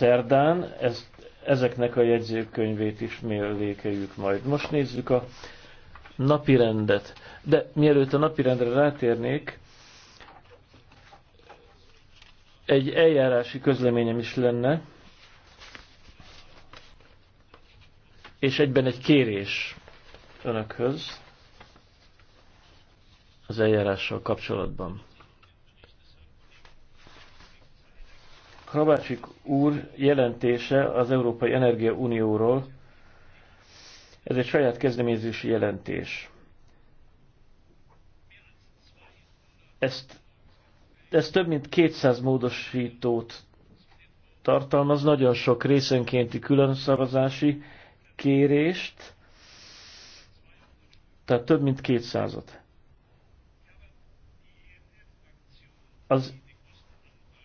szerdán, ezt, ezeknek a jegyzőkönyvét is mellékeljük majd. Most nézzük a napirendet. De mielőtt a napirendre rátérnék, egy eljárási közleményem is lenne, és egyben egy kérés önökhöz az eljárással kapcsolatban. Krabácsik úr jelentése az Európai Energia Unióról, ez egy saját kezdeményezési jelentés. Ezt, ez több mint 200 módosítót tartalmaz, nagyon sok részenkénti külön szavazási kérést, tehát több mint 200-at. Az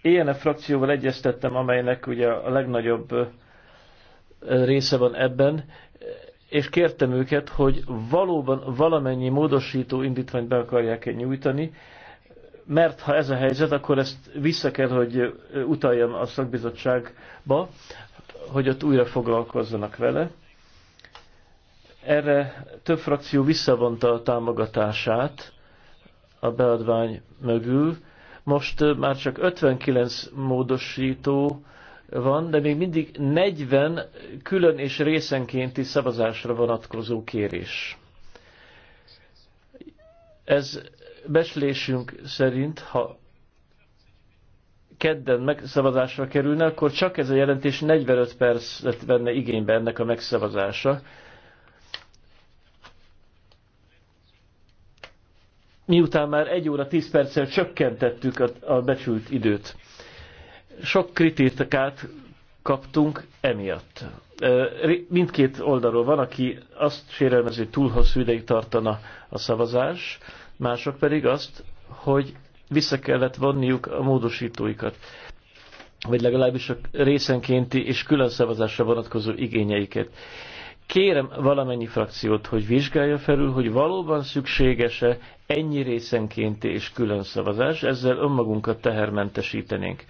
ilyen frakcióval egyeztettem, amelynek ugye a legnagyobb része van ebben, és kértem őket, hogy valóban valamennyi módosító indítványt be akarják -e nyújtani, mert ha ez a helyzet, akkor ezt vissza kell, hogy utaljam a szakbizottságba, hogy ott újra foglalkozzanak vele. Erre több frakció visszavonta a támogatását a beadvány mögül, most már csak 59 módosító van, de még mindig 40 külön és részenkénti szavazásra vonatkozó kérés. Ez beslésünk szerint, ha kedden megszavazásra kerülne, akkor csak ez a jelentés 45 percet venne igénybe ennek a megszavazása. miután már egy óra tíz perccel csökkentettük a, a becsült időt. Sok kritikát kaptunk emiatt. Mindkét oldalról van, aki azt sérelmezi, hogy túl hosszú ideig tartana a szavazás, mások pedig azt, hogy vissza kellett vonniuk a módosítóikat, vagy legalábbis a részenkénti és külön szavazásra vonatkozó igényeiket kérem valamennyi frakciót, hogy vizsgálja felül, hogy valóban szükséges-e ennyi részenként és külön szavazás, ezzel önmagunkat tehermentesítenénk.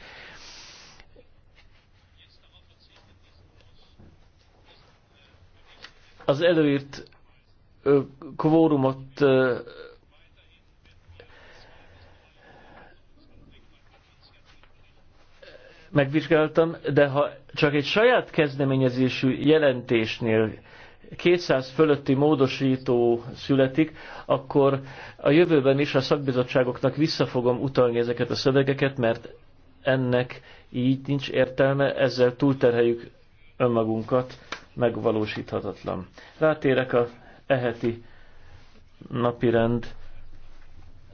Az előírt kvórumot megvizsgáltam, de ha csak egy saját kezdeményezésű jelentésnél 200 fölötti módosító születik, akkor a jövőben is a szakbizottságoknak vissza fogom utalni ezeket a szövegeket, mert ennek így nincs értelme, ezzel túlterheljük önmagunkat, megvalósíthatatlan. Rátérek a eheti napirend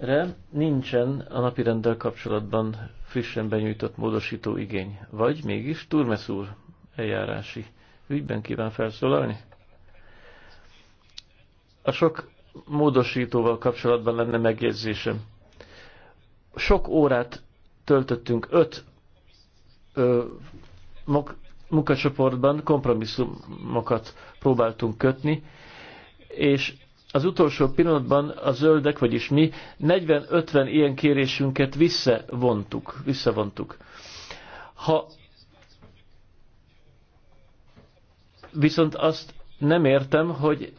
re nincsen a napirenddel kapcsolatban frissen benyújtott módosító igény. Vagy mégis Turmes úr eljárási ügyben kíván felszólalni? A sok módosítóval kapcsolatban lenne megjegyzésem. Sok órát töltöttünk öt ö, munkacsoportban, kompromisszumokat próbáltunk kötni, és az utolsó pillanatban a zöldek, vagyis mi 40-50 ilyen kérésünket visszavontuk. visszavontuk. Ha viszont azt nem értem, hogy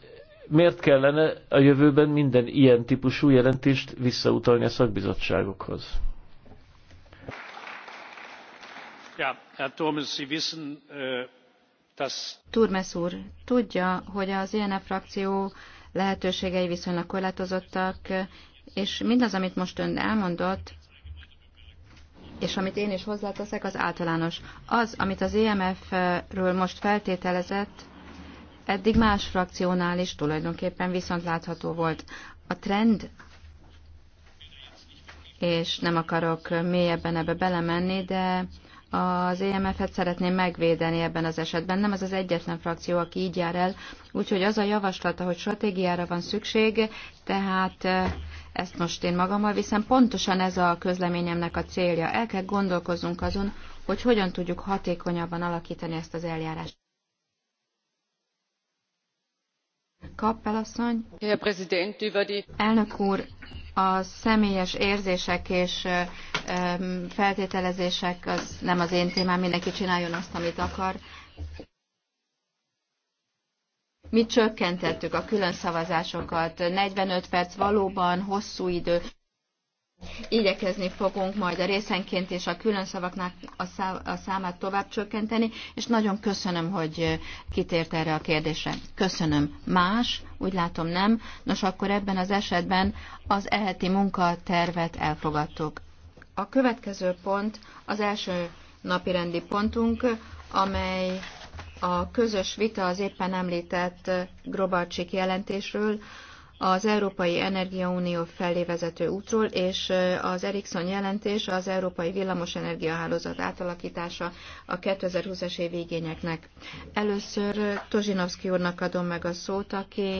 miért kellene a jövőben minden ilyen típusú jelentést visszautalni a szakbizottságokhoz. Ja, Herr Thomas, Sie wissen, äh, dass... Turmes úr, tudja, hogy az INF e frakció lehetőségei viszonylag korlátozottak, és mindaz, amit most ön elmondott, és amit én is hozzáteszek, az általános. Az, amit az EMF-ről most feltételezett, eddig más frakciónál is tulajdonképpen viszont látható volt. A trend, és nem akarok mélyebben ebbe belemenni, de az EMF-et szeretném megvédeni ebben az esetben. Nem az az egyetlen frakció, aki így jár el. Úgyhogy az a javaslata, hogy stratégiára van szükség, tehát ezt most én magammal viszem. Pontosan ez a közleményemnek a célja. El kell gondolkoznunk azon, hogy hogyan tudjuk hatékonyabban alakítani ezt az eljárást. Elnök úr, a személyes érzések és feltételezések az nem az én témám, mindenki csináljon azt, amit akar. Mi csökkentettük a külön szavazásokat, 45 perc valóban hosszú idő, Igyekezni fogunk majd a részenként és a külön szavaknak a, számát tovább csökkenteni, és nagyon köszönöm, hogy kitért erre a kérdésre. Köszönöm. Más? Úgy látom nem. Nos, akkor ebben az esetben az eheti munkatervet elfogadtuk. A következő pont az első napirendi pontunk, amely a közös vita az éppen említett Grobarcsik jelentésről, az Európai Energiaunió felé vezető útról, és az Ericsson jelentés az Európai villamos energiahálózat átalakítása a 2020-es év igényeknek. Először Tozsinovszki úrnak adom meg a szót, aki